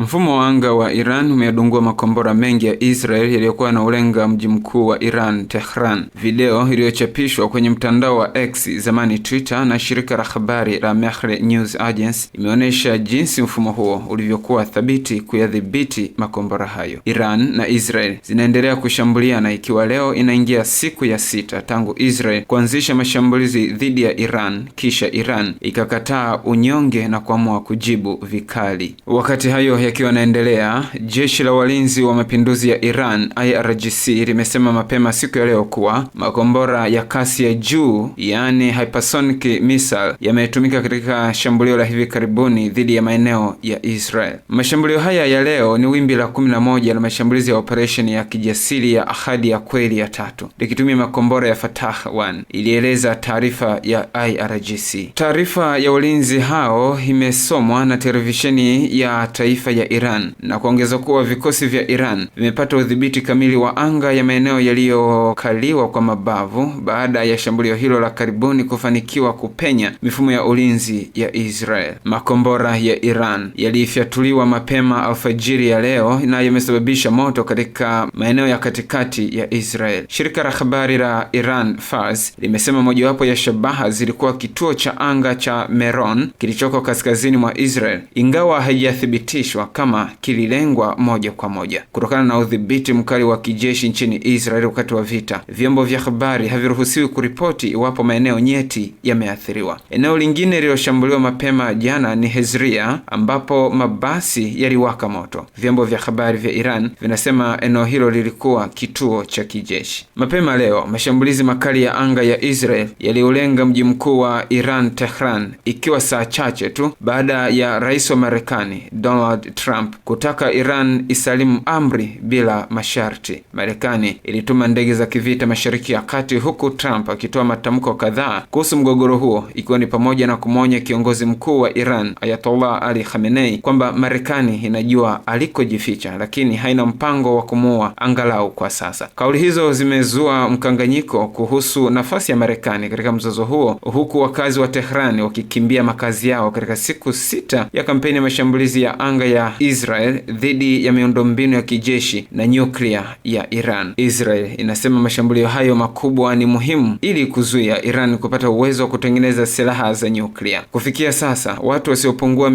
Mfumo wa anga wa Iran umeyadungua makombora mengi ya Israel yaliyokuwa yanaulenga mji mkuu wa Iran, Tehran. Video iliyochapishwa kwenye mtandao wa X, zamani Twitter, na shirika la habari la Mehre News Agency imeonyesha jinsi mfumo huo ulivyokuwa thabiti kuyadhibiti makombora hayo. Iran na Israel zinaendelea kushambuliana, ikiwa leo inaingia siku ya sita tangu Israel kuanzisha mashambulizi dhidi ya Iran, kisha Iran ikakataa unyonge na kuamua kujibu vikali. Wakati hayo Yakiwa yanaendelea, jeshi la walinzi wa mapinduzi ya Iran IRGC limesema mapema siku ya leo kuwa makombora ya kasi ya juu yaani hypersonic missile yametumika katika shambulio la hivi karibuni dhidi ya maeneo ya Israel. Mashambulio haya ya leo ni wimbi la 11 la mashambulizi ya operesheni ya kijasiri ya Ahadi ya Kweli ya tatu likitumia makombora ya Fatah 1, ilieleza taarifa ya IRGC. Taarifa ya walinzi hao imesomwa na televisheni ya taifa ya ya Iran na kuongeza kuwa vikosi vya Iran vimepata udhibiti kamili wa anga ya maeneo yaliyokaliwa kwa mabavu baada ya shambulio hilo la karibuni kufanikiwa kupenya mifumo ya ulinzi ya Israel. Makombora ya Iran yalifyatuliwa mapema alfajiri ya leo na yamesababisha moto katika maeneo ya katikati ya Israel. Shirika la habari la Iran Fars limesema mojawapo ya shabaha zilikuwa kituo cha anga cha Meron kilichoko kaskazini mwa Israel, ingawa haijathibitishwa kukamatwa kama kililengwa moja kwa moja. Kutokana na udhibiti mkali wa kijeshi nchini Israeli wakati wa vita, vyombo vya habari haviruhusiwi kuripoti iwapo maeneo nyeti yameathiriwa. Eneo lingine lililoshambuliwa mapema jana ni Hezria ambapo mabasi yaliwaka moto. Vyombo vya habari vya Iran vinasema eneo hilo lilikuwa kituo cha kijeshi. Mapema leo mashambulizi makali ya anga ya Israel yaliulenga mji mkuu wa Iran Tehran, ikiwa saa chache tu baada ya rais wa Marekani Donald Trump kutaka Iran isalimu amri bila masharti. Marekani ilituma ndege za kivita Mashariki ya Kati, huku Trump akitoa matamko kadhaa kuhusu mgogoro huo, ikiwa ni pamoja na kumwonya kiongozi mkuu wa Iran Ayatollah Ali Khamenei kwamba Marekani inajua alikojificha, lakini haina mpango wa kumuua angalau kwa sasa. Kauli hizo zimezua mkanganyiko kuhusu nafasi ya Marekani katika mzozo huo, huku wakazi wa Tehrani wakikimbia makazi yao katika siku sita ya kampeni ya mashambulizi ya anga ya ya Israel dhidi ya miundombinu ya kijeshi na nyuklia ya Iran. Israel inasema mashambulio hayo makubwa ni muhimu ili kuzuia Iran kupata uwezo wa kutengeneza silaha za nyuklia. Kufikia sasa, watu wasiopungua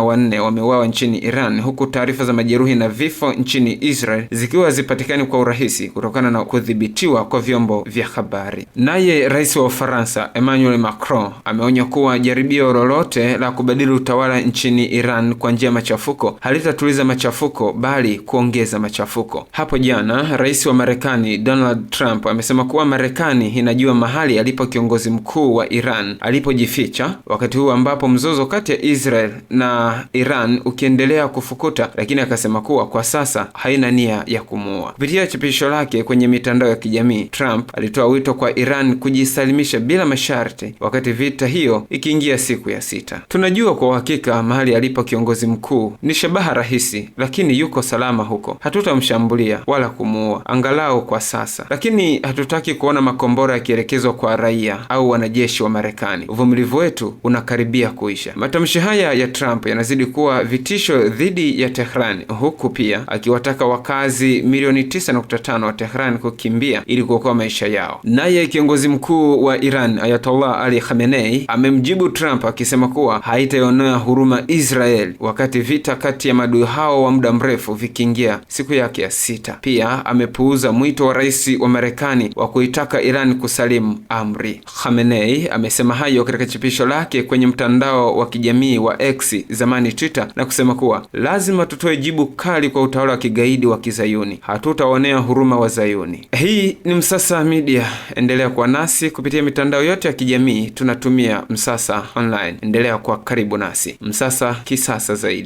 wanne wameuawa nchini Iran, huku taarifa za majeruhi na vifo nchini Israel zikiwa hazipatikani kwa urahisi kutokana na kudhibitiwa kwa vyombo vya habari. Naye rais wa Ufaransa Emmanuel Macron ameonya kuwa jaribio lolote la kubadili utawala nchini Iran kwa njia machafuko halitatuliza machafuko bali kuongeza machafuko. Hapo jana rais wa Marekani Donald Trump amesema kuwa Marekani inajua mahali alipo kiongozi mkuu wa Iran alipojificha, wakati huu ambapo mzozo kati ya Israel na Iran ukiendelea kufukuta, lakini akasema kuwa kwa sasa haina nia ya kumuua. Kupitia chapisho lake kwenye mitandao ya kijamii, Trump alitoa wito kwa Iran kujisalimisha bila masharti, wakati vita hiyo ikiingia siku ya sita. Tunajua kwa uhakika mahali alipo kiongozi mkuu mkuu ni shabaha rahisi, lakini yuko salama huko. Hatutamshambulia wala kumuua, angalau kwa sasa, lakini hatutaki kuona makombora yakielekezwa kwa raia au wanajeshi wa Marekani. Uvumilivu wetu unakaribia kuisha. Matamshi haya ya Trump yanazidi kuwa vitisho dhidi ya Tehran, huku pia akiwataka wakazi milioni 9.5 wa Tehran kukimbia ili kuokoa maisha yao. Naye kiongozi mkuu wa Iran Ayatollah Ali Khamenei amemjibu Trump akisema kuwa haitaionea huruma Israel wakati vita kati ya maadui hao wa muda mrefu vikiingia siku yake ya sita. Pia amepuuza mwito wa rais wa Marekani wa kuitaka Iran kusalimu amri. Khamenei amesema hayo katika chapisho lake kwenye mtandao wa kijamii wa X, zamani Twitter, na kusema kuwa lazima tutoe jibu kali kwa utawala wa kigaidi wa Kizayuni, hatutaonea huruma wa Zayuni. Hii ni Msasa Media, endelea kuwa nasi kupitia mitandao yote ya kijamii, tunatumia Msasa Online. Endelea kuwa karibu nasi, Msasa kisasa zaidi.